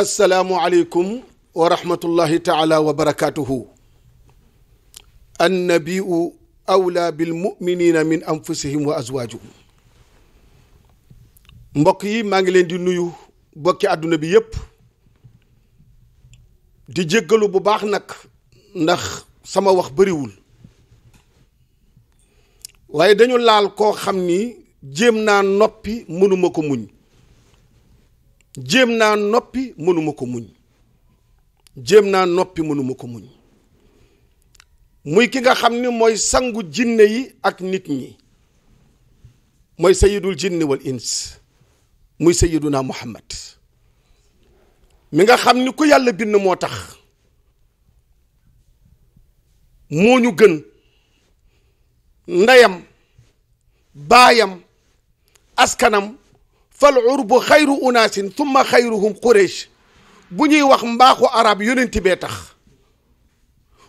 asalaamualeykum wa rahmatullahi taala wa barakaatuhu annabiu awlaa bil muminina min anfusihim wa azwaajuhum mbokk yi maa ngi leen di nuyu bokki àdduna bi yépp di jéggalu bu baax nag ndax sama wax bariwul waaye dañu laal koo xam ni jéem naa noppi mënuma ko muñ jéem naa noppi mënuma ko muñ jéem naa noppi mënuma ko muñ muy ki nga xam ni mooy sangu jinne yi ak nit ñi mooy sayidul jinni wal ins muy sayiduna muhammad mi nga xam ni ku yàlla bind moo tax moo ñu gën ndeyam baayam askanam fal urbu xayru unaasin summa xayruhum bu ñuy wax mbaaxu arab yonent bee tax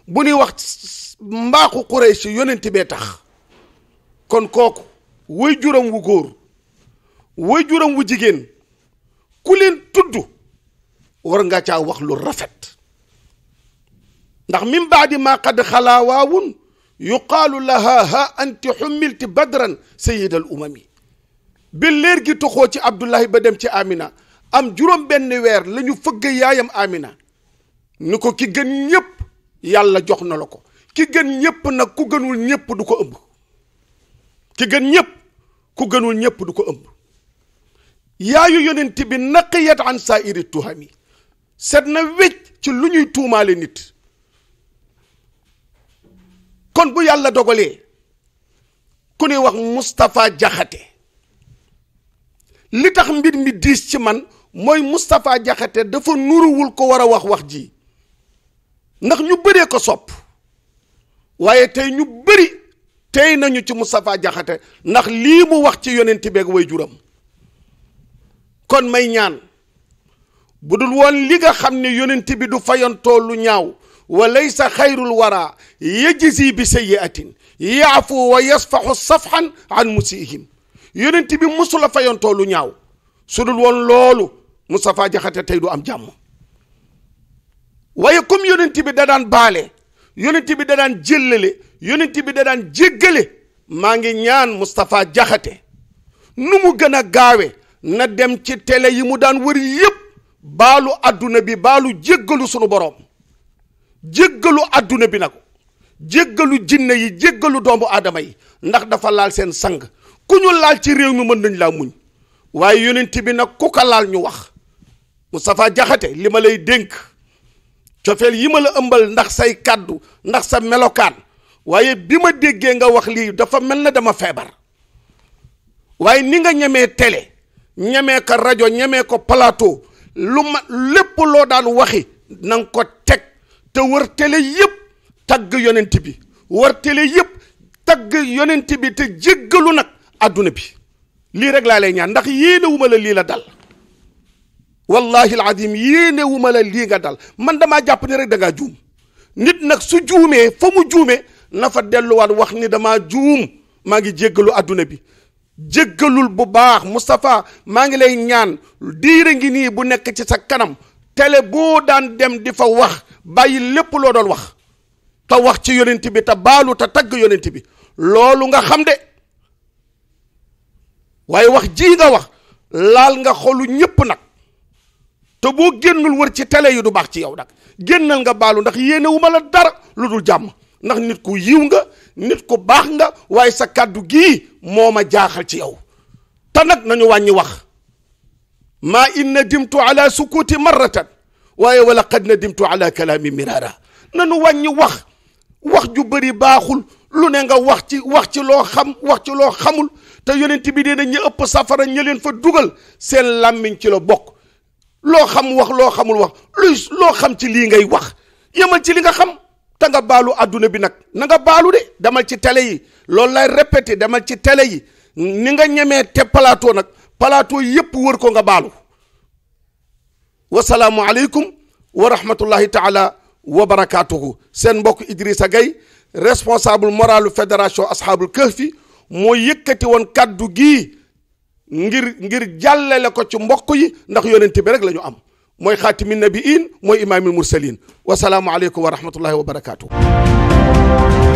bu ñuy wax mbaaxu quraish yonent bee tax kon kooku way juram wu góor way juram wu jigéen ku leen tudd war nga caa wax lu rafet ndax min baadi ma qad xalaa waawun yuqaalu laha ha anti xummilti badran sayidal umami ba leer gi toxoo ci Abdullahi ba dem ci Amina am juróom benn weer lañu fëgg yaayam Amina ni ko ki gën ñépp yàlla jox na la ko ki gën ñëpp nag ku gënul ñëpp du ko ëmb gën ñëpp ku gënul ñëpp du ko ëmb yaayu yonent bi naqiyat an saa'iri tuhami set na wecc ci lu ñuy tuumaale nit kon bu yàlla dogalee ku ne wax Moustapha Jaxate li tax mbir mi diis ci man mooy Moustapha jaxate dafa nuruwul ko war a wax wax ji ndax ñu bëree ko sopp waaye tey ñu bëri tey nañu ci Moustapha jaxate ndax lii mu wax ci yonent beeg way juram kon may ñaan bu dul woon li nga xam ne yonent bi du fayantoo lu ñaaw wa laysa xayrul wara yajzi bi sayyi'atin yaafu wa yasfaxu safxan an musiihim yonent bi mësula la fayantoo lu ñaaw su dul woon loolu Moustapha Jaxate tey du am jàmm waaye comme yonent bi da daan baale yonent bi da daan jëllale yonent bi da daan jéggale maa ngi ñaan Moustapha Jaxate nu mu gën a gaawe na dem ci télé yi mu daan wër yépp baalu adduna bi baalu jéggalu sunu boroom jéggalu adduna bi nag jéggalu jinne yi jéggalu doomu aadama yi ndax dafa laal seen sang ku ñu laal ci réew mi mën nañ laa muñ waaye yonent bi nag ku ko laal ñu wax Moustapha Diakhaté li ma lay dénk cofeel yi ma la ëmbal ndax say kàddu ndax sa melokaan waaye bi ma déggee nga wax lii dafa mel na dama feebar waaye ni nga ñemee tele ñemee ko rajo ñemee ko plateau lu ma lépp loo daan waxi na nga ko teg te wër télé yépp tagg yonent bi wër télé yëpp tagg yonent bi te jéggalu nag adduna bi lii rek laa lay ñaan ndax yéene wu ma la lii la dal wallahi alazim yéene wu ma la lii nga dal man damaa jàpp ne rek da ngaa juum nit nag su juumee fa mu juume nafa fa delluwaat wax ni damaa juum maa ngi jéggalu adduna bi jéggalul bu baax mustafaa maa ngi lay ñaan diire ngi nii bu nekk ci sa kanam télé boo daan dem di fa wax bàyyi lépp loo doon wax te wax ci yonent bi te baalu te tagg yonent bi loolu nga xam de waaye wax ji nga wax laal nga xolu ñëpp nag te boo génnul war ci télé yi du baax ci yow nag génnal nga baalu ndax yéene ma la dara lu dul jàmm ndax nit ku yiw nga nit ku baax nga waaye sa kàddu gii moo ma jaaxal ci yow te nag nañu wàññi wax maa in nadimtu ala sukuuti marratan waaye walla wala na nadimtu ala kalaami miraara nañu wàññi wax wax ju bari baaxul lu ne nga wax ci wax ci loo xam wax ci loo xamul te yonent bi nee na ñi ëpp safara ñi leen fa dugal seen làmmiñ ci la bokk loo xam wax loo xamul wax luy loo xam ci lii ngay wax yemal ci li nga xam te nga baalu àdduna bi nag na nga baalu de demal ci télé yi loolu lay répété demal ci tele yi ni nga ñemee te plateau nag plateau yépp wër ko nga baalu wasalaamu aleykum wa rahmatullahi taala wa barakaatuhu seen mbokk Idrissa Gueye responsable moralu fédération ashaabul kahfi moo yëkkati woon kàddu gi ngir ngir jàllale ko ci mbokk yi ndax yonent bi rek la ñu am mooy xaatimi nabiin mooy imaamil mursalin wasalaamu aleykum wa rahmatullahi wa barakaatu.